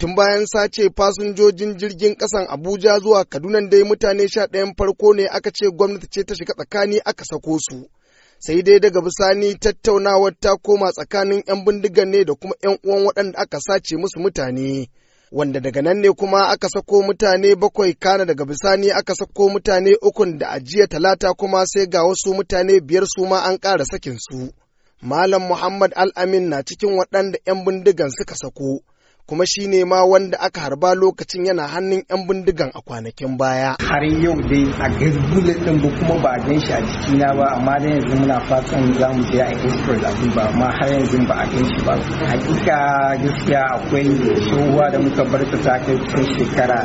Tun bayan sace fasinjojin jirgin ƙasan Abuja zuwa Kaduna dai mutane sha ɗayan farko ne aka ce gwamnati ce ta shiga tsakani aka sako su. Sai dai daga bisani tattaunawar ta koma tsakanin 'yan bindigar ne da kuma 'yan uwan waɗanda aka sace musu mutane. Wanda daga nan ne kuma aka sako mutane bakwai kana daga bisani aka sako mutane ukun da ajiya talata kuma sai ga wasu mutane biyar su ma an ƙara sakin su. Malam Muhammad Al-Amin na cikin waɗanda 'yan bindigan suka sako. kuma shi ne ma wanda aka harba lokacin yana hannun 'yan bindigan a kwanakin baya. Har yau dai a gazgule ɗin ba kuma ba a gan shi a jikina ba amma dai yanzu muna fatan za mu je a expert abin ba amma har yanzu ba a gan shi ba. Hakika gaskiya akwai tsohuwa da muka bar ta ta kai cikin shekara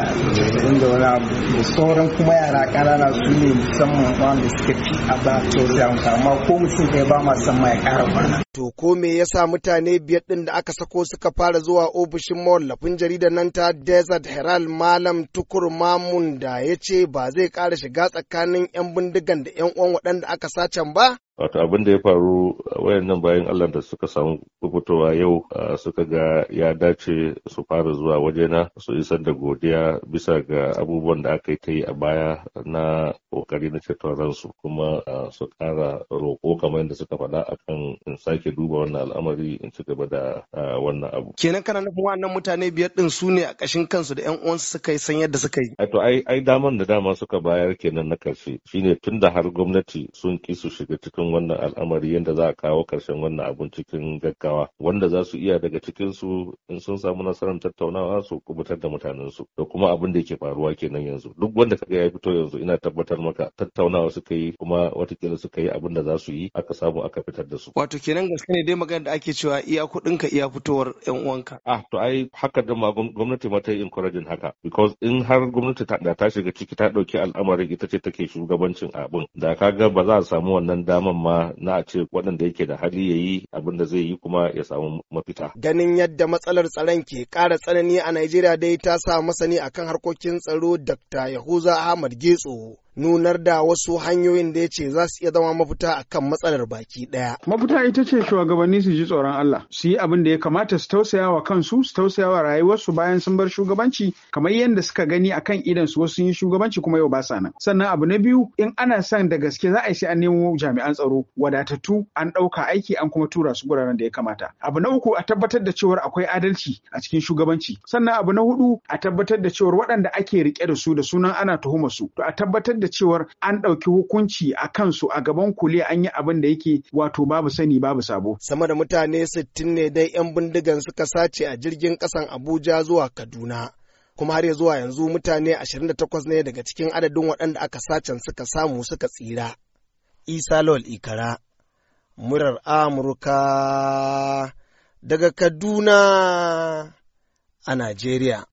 da wani abu sauran kuma yara ƙanana su ne musamman wanda suka fi a ba sosai amma ko mutum ɗaya ba ma san ma ya ƙara kwana. To ko me yasa mutane biyar ɗin da aka sako suka fara zuwa ofishin cikin mawallafin jaridar nan ta Desert Herald Malam Tukur Mamun da ya ce ba zai kara shiga tsakanin 'yan bindigan da 'yan uwan waɗanda aka sacen ba, wato abin da ya faru wayannan bayan Allah da suka samu fitowa yau suka ga ya dace su fara zuwa wajena su isar da godiya bisa ga abubuwan da aka yi ta yi a baya na kokari na ceton ransu kuma su kara roƙo kamar yadda suka faɗa akan in sake duba wannan al'amari in ci gaba da wannan abu kenan kana nufin wannan mutane biyar din su ne a ƙashin kansu da 'yan uwansu suka yi san yadda suka yi to ai ai daman da dama suka bayar kenan na karshe shine tunda har gwamnati sun ki su shiga cikin cikin wannan al'amari yadda za a kawo ƙarshen wannan abun cikin gaggawa wanda za su iya daga cikin su in sun samu nasarar tattaunawa su kubutar da mutanen su da kuma abin da yake faruwa kenan yanzu duk wanda kaga ya fito yanzu ina tabbatar maka tattaunawa suka yi kuma watakila suka yi abin da za su yi aka samu aka fitar da su wato kenan gaske ne dai magana da ake cewa iya kuɗin ka iya fitowar yan uwanka ah to ai haka da ma gwamnati ma ta yi encouraging haka because in har gwamnati ta ta shiga ciki ta ɗauki al'amarin ita ce take shugabancin abin da kaga ba za a samu wannan daman musamman ma na ce waɗanda yake da hali ya yi abin da zai yi kuma ya samu mafita. Ganin yadda matsalar tsaron ke ƙara tsanani a Najeriya dai ta sa masani akan harkokin tsaro Dr. Yahuza Ahmad Getso nunar da wasu hanyoyin da ya ce za su iya zama mafita a kan matsalar baki ɗaya. Mafita ita ce shugabanni su ji tsoron Allah, su yi abin da ya kamata su tausaya wa kansu, su tausaya wa rayuwarsu bayan sun bar shugabanci, kamar yadda suka gani a kan idan su wasu yin shugabanci kuma yau ba sa nan. Sannan abu na biyu in ana son da gaske za a yi sai an nemo jami'an tsaro wadatattu an ɗauka aiki an kuma tura su guraren da ya kamata. Abu na uku a tabbatar da cewar akwai adalci a cikin shugabanci. Sannan abu na hudu a tabbatar da cewar waɗanda ake rike da su da sunan ana tuhuma su. To a tabbatar da cewar an ɗauki hukunci a kansu a gaban kule an yi abin da yake wato babu sani babu sabo. Sama da mutane sittin ne dai 'yan bindigan suka sace a jirgin ƙasan Abuja zuwa Kaduna. kuma har ya zuwa yanzu mutane 28 ne daga cikin adadin waɗanda aka sace suka samu suka tsira. Isa Lawal Ikara, murar Amurka daga Kaduna a Najeriya.